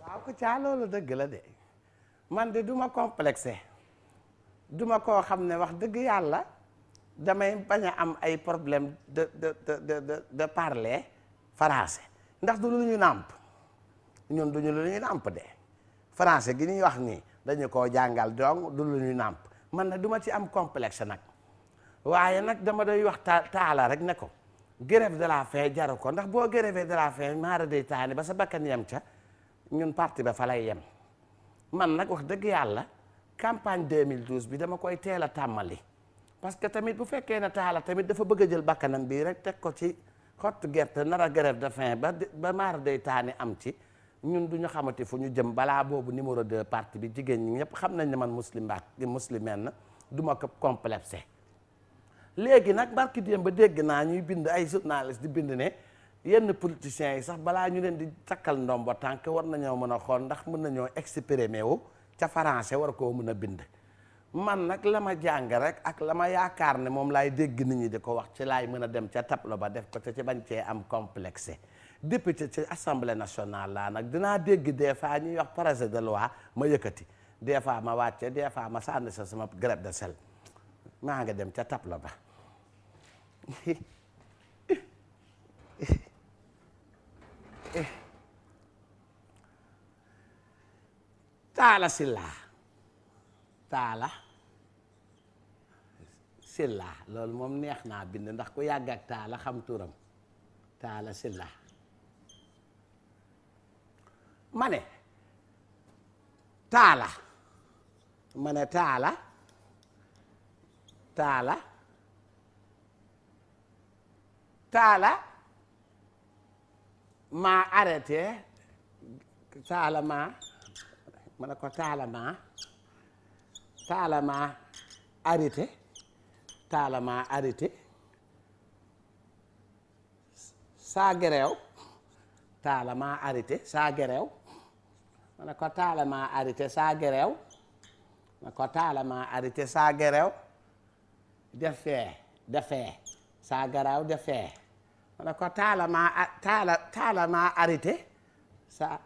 waaw ku caa loolu dëgg la de man de du ma complexé du koo xam ne wax dëgg yàlla damay bañ a am ay problème de de de de de parler français ndax du lu ñu nàmp ñun duñu lu ñu nàmp de français gi ñuy wax nii dañu koo jàngal doom du lu ñu nàmp man na duma ci am complexe nag waaye nag dama doy wax ta taala rek ne ko grève de la faim jaru ko ndax boo grève de la faim maara day taani ba sa bakkan yem ca ñun parti ba fa lay yem man nag wax dëgg yàlla campagne mille 2012 bi dama koy teel a tàmmali parce que tamit bu fekkee ne taala tamit dafa bëgg a jël bakkanam bii rek teg ko ci xott gerte nara a de fin ba ba maar day taani am ci ñun duñu ñu xamati fu ñu jëm balaa boobu numéro 2 parti bi jigéen ñi ñëpp xam nañ ne man muslim ba muslimeen na duma ma ko complexé léegi nag barki démb ba dégg naa ñuy bind ay journaliste di bind ne yenn politiciens yi sax balaa ñu leen di takkal ndombo tànk war nañoo mën a xool ndax mën nañoo exprimer wu ca français war koo mën a bind man nag la ma jàng rek ak la ma yaakaar ne moom laay dégg nit ñi di ko wax ci laay mën a dem ca tablo ba def ko ca ci bañ cee am complexe député ci assemblée nationale laa nag dinaa dégg des fois ñuy wax projet de loi ma yëkkati des fois ma wàcce des fois ma sànni sa sama grappe de sel maa ngi dem ca tablo ba taala silla taala silla lool moom neex na bind ndax ku yàgg ak taala xam turam taala silla mane taala mane taala taala taala maa arrêté taala maa ma ne ko taalama taalama arrêté taalama arrêté saa gereew taalama arrêté saa gereew ma ne ko taalama arrêté saa gereew ma ne ko taalama arrêté saa gereew defee defee saa gereew defee ma ne ko taalama taala taalama arrêté saa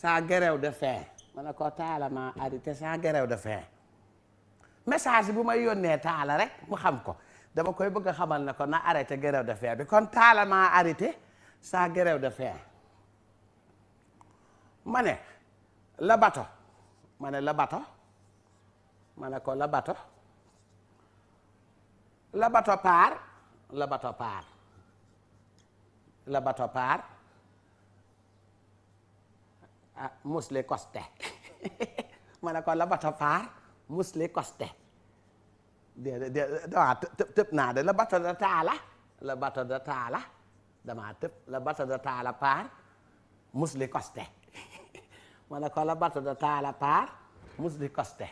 saa gereew defee ma ne ko taala ma arrêté sans grève de faim message bu may yónnee taala rek mu xam ko dama koy bëgg a xamal ne ko na arrêté grève de faim bi kon taala ma arrêté saa grève de faim ma ne la bato ma ne la bato ma ne ko la bato la bato paar la bato paar la bato paar ah musle koste mu ne ko la bata faar musle koste de de damaa ah, tëb naa de la bata da taala la bata da taala damaa tëb la bata da taala paar musli koste ma ne ko la bata da taala paar musli koste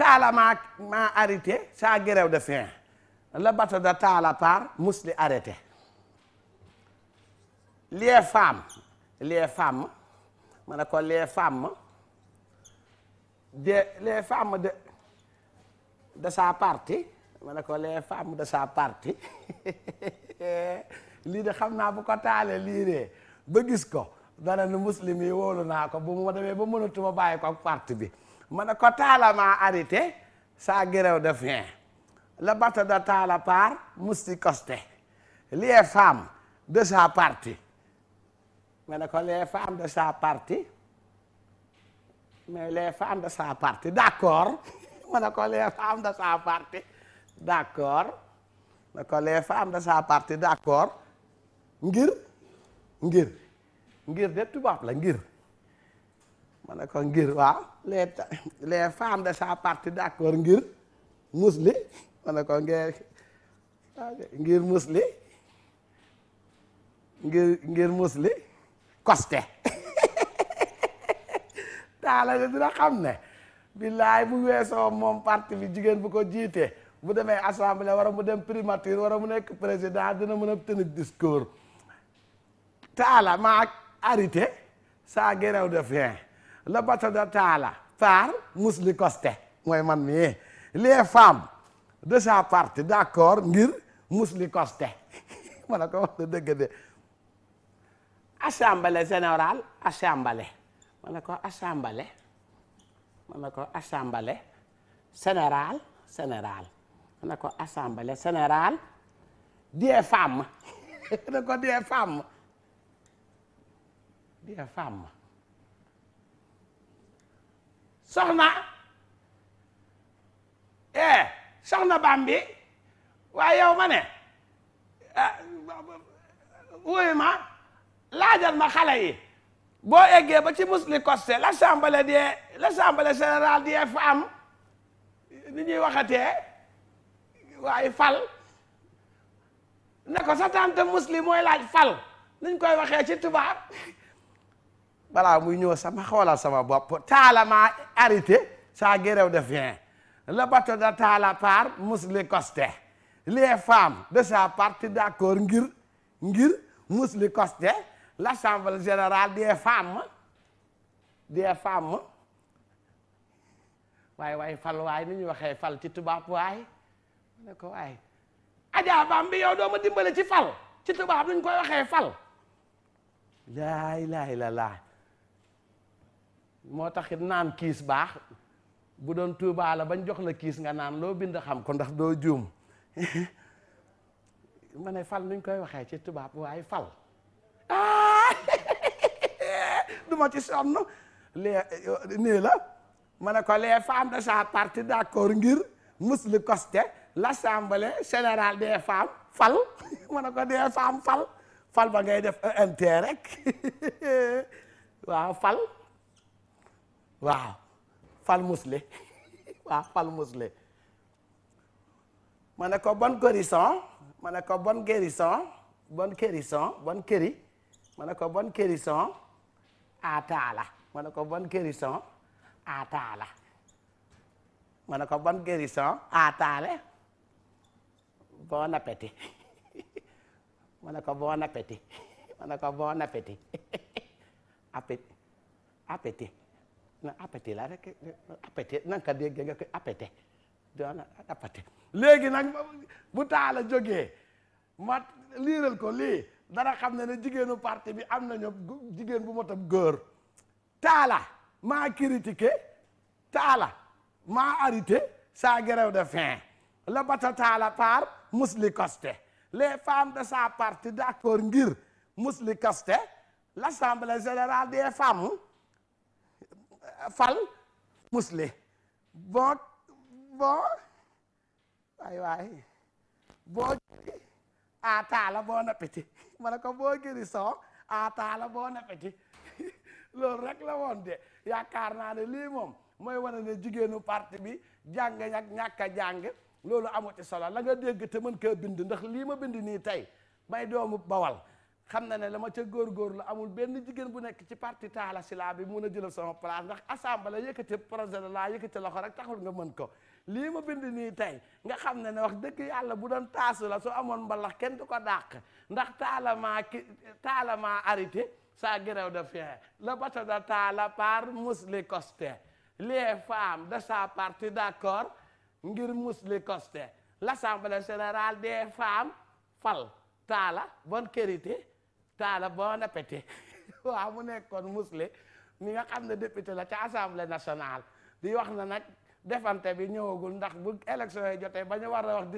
taala maa maa arrêté saa gerew de fin la bata da taala paar musli arrêté les femmes les femmes ma ko les femmes de les femmes de de sa partie ma ne ko les femmes de sa partie lii de xam naa bu ko taalee lii de ba gis ko dana nu muslim yi wóolu naa ko bu ma demee ba mënatuma bàyyi ko ak parti bi ma ne ko taala maa arrêté saa grève de faim la bata da taala par musti costé les femmes de sa partie nga ne ko les femmes de sa parti mais les femmes de sa parti d'accord nga ne ko les femmes de sa parti d'accord parti d'accord ngir ngir ngir de tubaab la ngir ma ne ko ngir waaw les les de sa parti d'accord ngir musli ma ne ko ngir ngir musli ngir ngir musli koste taala de dina xam ne billaay bu weesoo moom parti bi jigéen bu ko jiitee bu demee assemblée wara mu dem primature wara mu nekk président dina mën a tenir discours taala maa arrêté saa gerew de fin le bateau de taala par Mously Costé mooy man mii les femmes de sa parti d'accord ngir musli Costé ma ne ko wax na assemblée générale assemblée ma ne ko assemblée ma ne ko assemblée générale générale ma ne ko assemblée générale des femmes ma ne ko des femmes des femmes soxna eh, Bambi waaye yow ma ne eh, ma laajal ma xale yi boo eggee ba ci musli costé l'assemblée des l'assemblée générale des femmes ni ñuy waxatee waaye fal ne ko sa tante musli mooy laaj fal nuñ koy waxee ci tubaab balaa muy ñëw sama xoolal sama bopp taala ma arrêté ça géréw de fin le bateau de taala part musli coste les femmes de sa partie d'accord ngir ngir musli costé l'assemblée générale des femmes des femmes waaye waaye fal waay ni ñuy waxee fal ci tubaab waay mu ne ko waay Adja Bambi yow doo dimbale ci fal ci tubaab ni ñu koy waxee fal laa la illallaah moo taxit naan kiis baax bu doon tuubaala bañ jox la kiis nga naan loo bind xam ko ndax doo juum ma ne fal nuñ koy waxee ci tubaab waaye fal ma ci sonn les eh, nii la ma ne ko les femmes de sa parti d'accord ngir Mously Costé l'assemblée générale des femmes fal ma ne ko des femmes fal fal ba ngay def ENT rek waaw fal waaw fal Mously waaw fal Mously ma ne ko bonne guérison ma ne ko bon guérison bonne guérison bonne kéri ma ne ko bon guérison ataala ma ne ko ban guérison ataala ma ne ko ban guérison ataale bon appétit ma ne ko bon appétit ma ne ko bon appétit appétit appétit na appétit la rek appétit na nga ko dégg nga ko appétit doon appétit léegi nag bu taala jógee ma liiral ko lii dara xam ne ne jigéenu parti bi am nañu jigéen bu motam góor taala maa critiqué taala maa arrêté sa grève de faim la bata taala par musli koste les femmes de sa parti d'accord ngir musli koste l'assemblée générale des femmes fal musli bon bon waay waay boo a taala bon appétit ma ne ko boo guérison a taala bon appétit loolu rek la woon de yaakaar naa ne lii moom mooy wane ne jigéenu parti bi jàng ak ñàkk jàng loolu amu ci solo la nga dégg te mën koo bind ndax lii ma bind nii tey may doomu bawal xam na ne la ma ca la amul benn jigéen bu nekk ci parti taala si laa bi mun a jëlal sama place ndax assemblée yëkkati projet de loi yëkkati loxo rek taxul nga mën ko lii ma bind nii tey nga xam ne ne wax dëgg yàlla bu doon taasu la su amoon mbalax kenn du ko dàq ndax taalamaa ki taalamaa arrêté sa grève de faim le bateau de Talla par Mously Costé les femmes de sa partie d'accord ngir Mously Costé l'assemblée générale des femmes fal Talla bonne qualité taala bon appétit waaw mu nekkoon musle mi nga xam ne député la ca assemblée nationale di wax na nag defante bi ñëwagul ndax bu élection yi jotee ba ñu war a wax